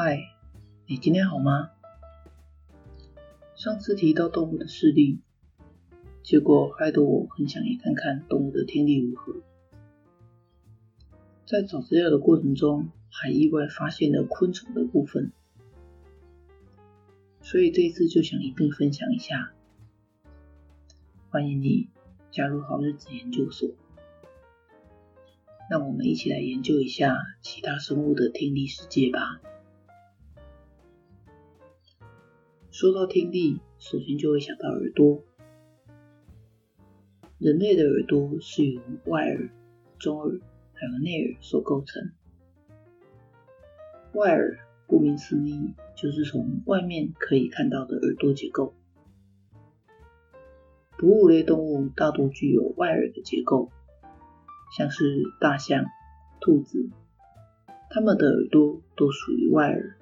嗨，你今天好嗎？上次提到動物的視力，結果害得我很想也看看動物的聽力如何。在找資料的過程中，還意外發現了昆蟲的部分，所以這次就想一併分享一下。歡迎你加入好日子研究所，讓我們一起來研究一下其他生物的聽力世界吧。說到聽力，首先就會想到耳朵。人類的耳朵是由外耳、中耳還有內耳所構成。外耳顧名思義，就是從外面可以看到的耳朵結構。哺乳類動物大多具有外耳的結構，像是大象、兔子，它們的耳朵都屬於外耳。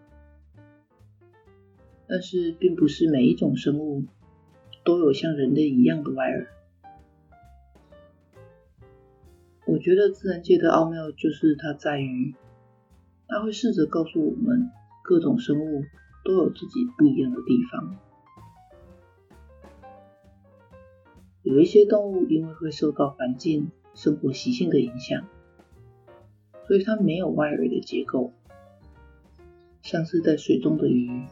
但是，並不是每一種生物都有像人類一樣的外耳。我覺得自然界的奧妙就是它在於，它會試着告訴我們，各種生物都有自己不一樣的地方。有一些動物因為會受到環境、生活習性的影響，所以它沒有外耳的結構，像是在水中的魚。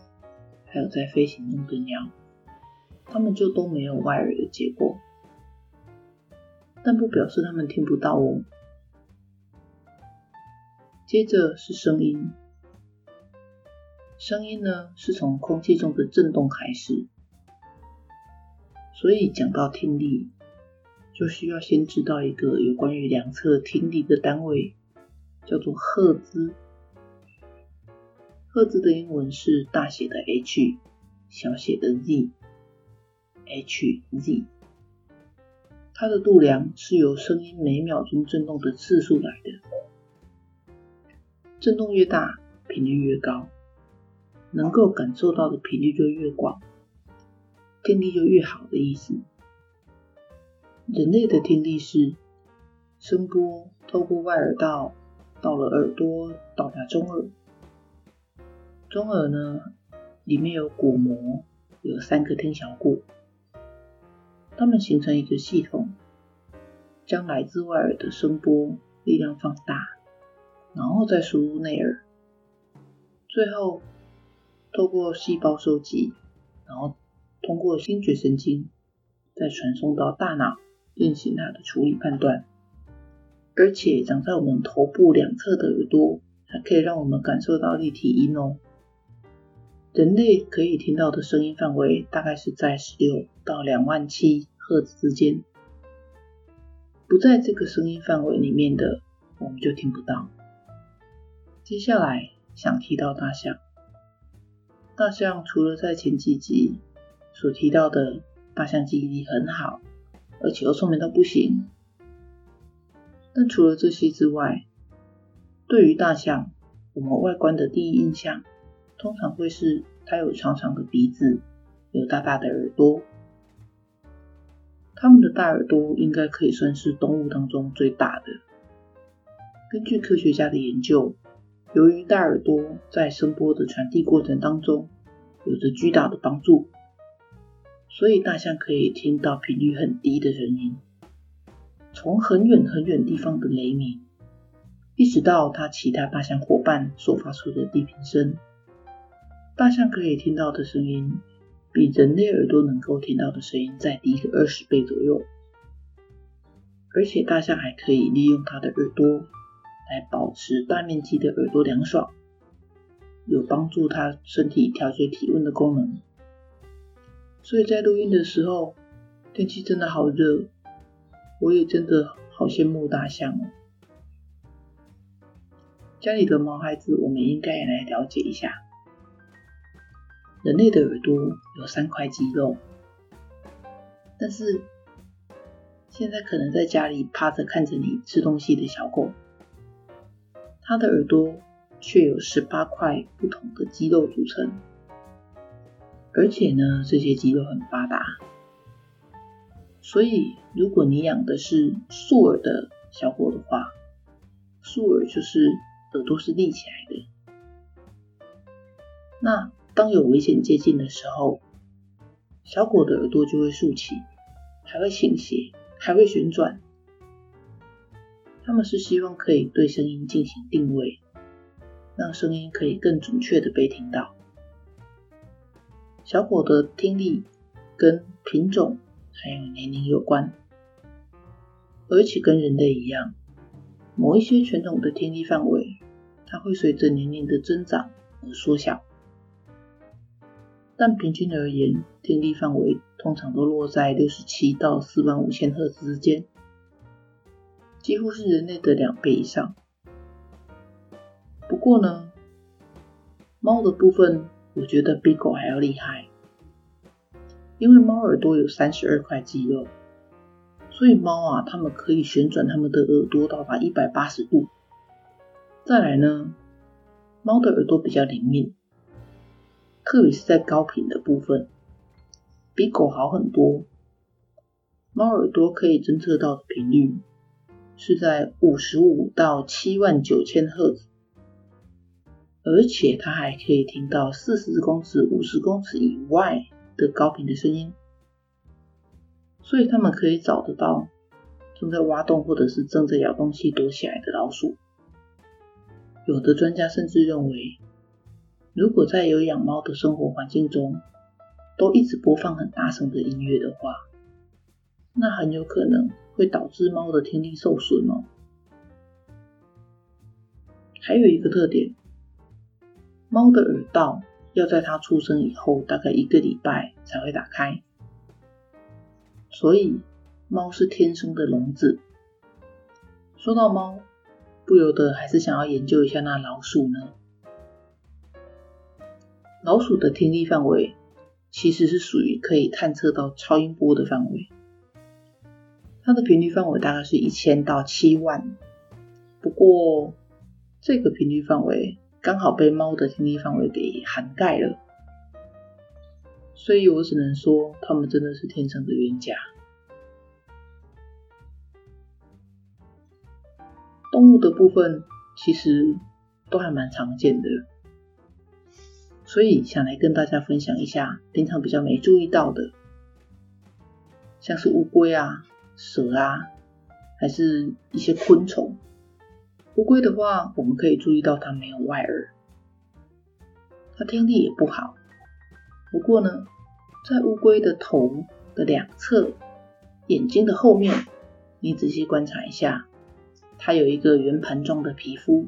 還有在飛行中的鳥，它們就都沒有外耳的結構，但不表示它們聽不到哦。接着是聲音，聲音呢是從空氣中的振動開始，所以講到聽力，就需要先知道一個有關於兩側聽力的單位，叫做赫茲。赫茲的英文是大寫的 H，小寫的 z，Hz。它的度量是由聲音每秒鐘振動的次數來的，振動越大，頻率越高，能夠感受到的頻率就越廣，聽力就越好的意思。人類的聽力是聲波透過外耳道到了耳朵到達中耳。中耳呢，裡面有鼓膜，有三個聽小骨，它們形成一個系統，將來自外耳的聲波力量放大，然後再輸入內耳，最後透過細胞收集，然後通過聽覺神經再傳送到大腦進行它的處理判斷。而且長在我們頭部兩側的耳朵，還可以讓我們感受到立體音哦。人類可以聽到的聲音範圍，大概是在十六到兩萬七赫茲之間，不在這個聲音範圍裡面的，我們就聽不到。接下來想提到大象，大象除了在前幾集所提到的，大象記憶力很好，而且又聰明到不行，但除了這些之外，對於大象，我們外觀的第一印象。通常會是它有長長的鼻子，有大大的耳朵。它們的大耳朵應該可以算是動物當中最大的。根據科學家的研究，由於大耳朵在聲波的傳遞過程當中有着巨大的幫助，所以大象可以聽到頻率很低的聲音，從很遠很遠地方的雷鳴，一直到它其他大象伙伴所發出的低頻聲。大象可以聽到的聲音，比人類耳朵能夠聽到的聲音再低一個二十倍左右。而且大象還可以利用它的耳朵來保持大面積的耳朵涼爽，有幫助它身體調節體溫的功能。所以在錄音的時候，天氣真的好熱，我也真的好羨慕大象哦。家裡的毛孩子，我們應該也來了解一下。人類的耳朵有三塊肌肉，但是現在可能在家裡趴着看着你吃東西的小狗，它的耳朵卻有十八塊不同的肌肉組成，而且呢，這些肌肉很發達。所以，如果你養的是豎耳的小狗的話，豎耳就是耳朵是立起來的，那。當有危險接近的時候，小狗的耳朵就會豎起，還會傾斜，還會旋轉。它們是希望可以對聲音進行定位，讓聲音可以更準確的被聽到。小狗的聽力跟品種還有年齡有關，而且跟人類一樣，某一些犬種的聽力範圍，它會隨着年齡的增長而縮小。但平均而言，聽力範圍通常都落在六十七到四萬五千赫茲之間，幾乎是人類的兩倍以上。不過呢，貓的部分我覺得比狗還要厲害，因為貓耳朵有三十二塊肌肉，所以貓啊，它們可以旋轉它們的耳朵到達一百八十度。再來呢，貓的耳朵比較靈敏。特別是在高頻的部分，比狗好很多。貓耳朵可以偵測到的頻率是在五十五到七萬九千赫茲，而且它還可以聽到四十公尺、五十公尺以外的高頻的聲音，所以它們可以找得到正在挖洞或者是正在咬東西躲起來的老鼠。有的專家甚至認為，如果在有養貓的生活環境中，都一直播放很大聲的音樂的話，那很有可能會導致貓的聽力受損哦。還有一個特點，貓的耳道要在它出生以後大概一個禮拜才會打開，所以貓是天生的聾子。說到貓，不由得還是想要研究一下那老鼠呢。老鼠的聽力範圍其實是屬於可以探測到超音波的範圍，它的頻率範圍大概是一千到七萬，不過這個頻率範圍剛好被貓的聽力範圍給涵蓋了，所以我只能說它們真的是天生的冤家。動物的部分其實都還蠻常見的。所以想來跟大家分享一下，平常比較沒注意到的，像是烏龜啊、蛇啊，還是一些昆蟲。烏龜的話，我們可以注意到它沒有外耳，它聽力也不好。不過呢，在烏龜的頭的兩側、眼睛的後面，你仔細觀察一下，它有一個圓盤狀的皮膚，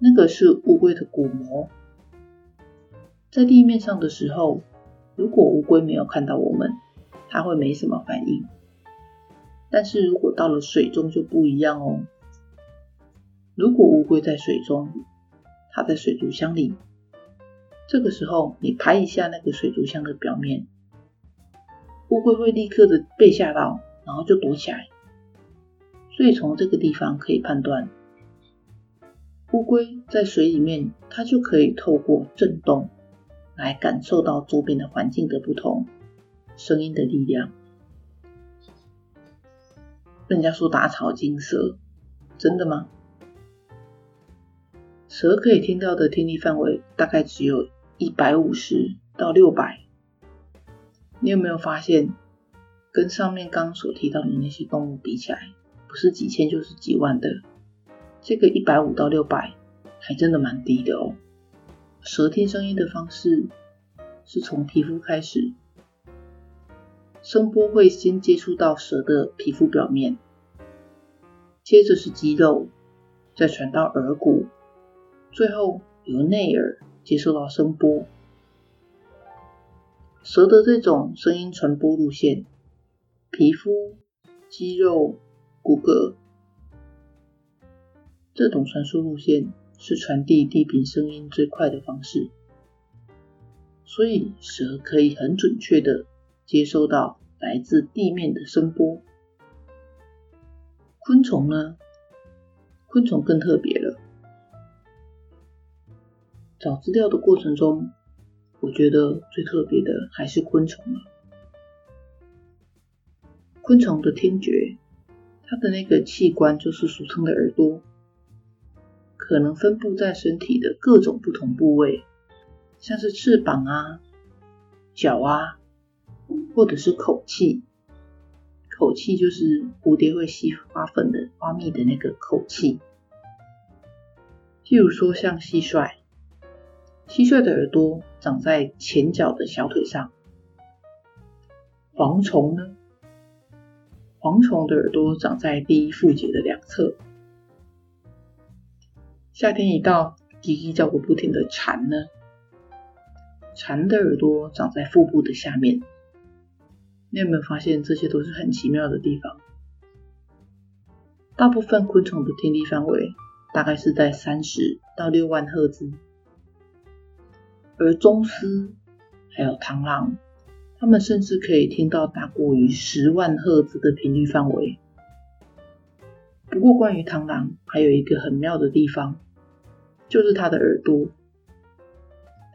那個是烏龜的鼓膜。在地面上的時候，如果烏龜沒有看到我們，它會沒什麼反應。但是如果到了水中就不一樣哦。如果烏龜在水中，它在水族箱裡，這個時候你拍一下那個水族箱的表面，烏龜會立刻的被嚇到，然後就躲起來。所以從這個地方可以判斷，烏龜在水裡面，它就可以透過震動。來感受到周邊的環境的不同，聲音的力量。人家說打草驚蛇，真的嗎？蛇可以聽到的聽力範圍大概只有一百五十到六百。你有沒有發現，跟上面剛所提到的那些動物比起來，不是幾千就是幾萬的，這個一百五到六百還真的蠻低的哦。蛇聽聲音的方式是從皮膚開始，聲波會先接觸到蛇的皮膚表面，接着是肌肉，再傳到耳骨，最後由內耳接收到聲波。蛇的這種聲音傳播路線，皮膚、肌肉、骨骼，這種傳輸路線。是傳遞地平聲音最快的方式，所以蛇可以很準確的接收到來自地面的聲波。昆蟲呢？昆蟲更特別了。找資料的過程中，我覺得最特別的還是昆蟲了。昆蟲的聽覺，它的那個器官就是俗稱的耳朵。可能分佈在身體的各種不同部位，像是翅膀啊、腳啊，或者是口器。口器就是蝴蝶會吸花粉的花蜜的那個口器。譬如說像蟋蟀，蟋蟀的耳朵長在前腳的小腿上。蝗蟲呢？蝗蟲的耳朵長在第一腹節的兩側。夏天一到，唧唧叫個不停的蟬呢，蟬的耳朵長在腹部的下面。你有沒有發現這些都是很奇妙的地方？大部分昆蟲的聽力範圍大概是在三十到六萬赫茲，而螽斯還有螳螂，它們甚至可以聽到大過於十萬赫茲的頻率範圍。不過，關於螳螂還有一個很妙的地方。就是它的耳朵，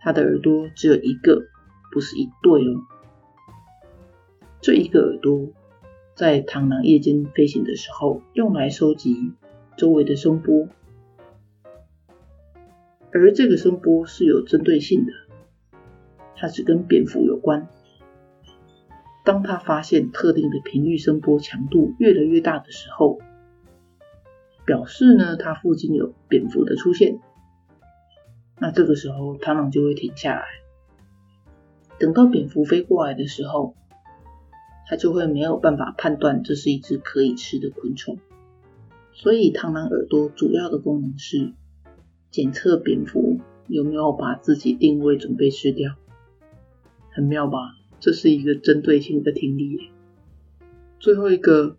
它的耳朵只有一個，不是一對哦。這一個耳朵在螳螂夜間飛行的時候，用來收集周圍的聲波，而這個聲波是有針對性的，它是跟蝙蝠有關。當它發現特定的頻率聲波強度越來越大的時候，表示呢，它附近有蝙蝠的出現。那這個時候螳螂就會停下來，等到蝙蝠飛過來的時候，它就會沒有辦法判斷這是一隻可以吃的昆蟲，所以螳螂耳朵主要的功能是檢測蝙蝠有沒有把自己定位準備吃掉，很妙吧？這是一個針對性的聽力耶。最後一個，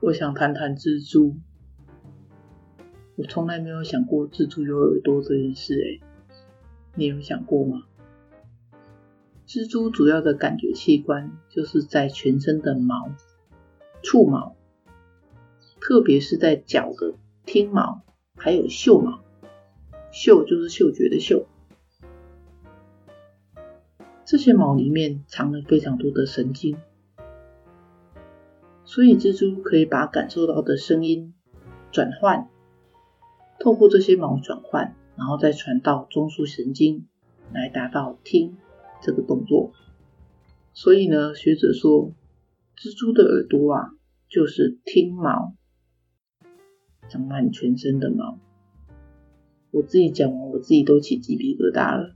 我想談談蜘蛛。我從來沒有想過蜘蛛有耳朵這件事，欸，你有想過嗎？蜘蛛主要的感覺器官就是在全身的毛、觸毛，特別是在腳的聽毛，還有嗅毛，嗅就是嗅覺的嗅，這些毛裡面藏了非常多的神經，所以蜘蛛可以把感受到的聲音轉換。透過這些毛轉換，然後再傳到中樞神經，來達到聽這個動作。所以呢，學者說，蜘蛛的耳朵啊，就是聽毛，長滿全身的毛。我自己講完，我自己都起雞皮疙瘩了。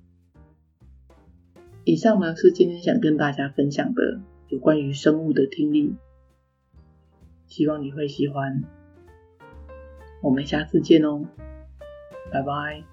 以上呢是今天想跟大家分享的有關於生物的聽力，希望你會喜歡。我們下次見哦，拜拜。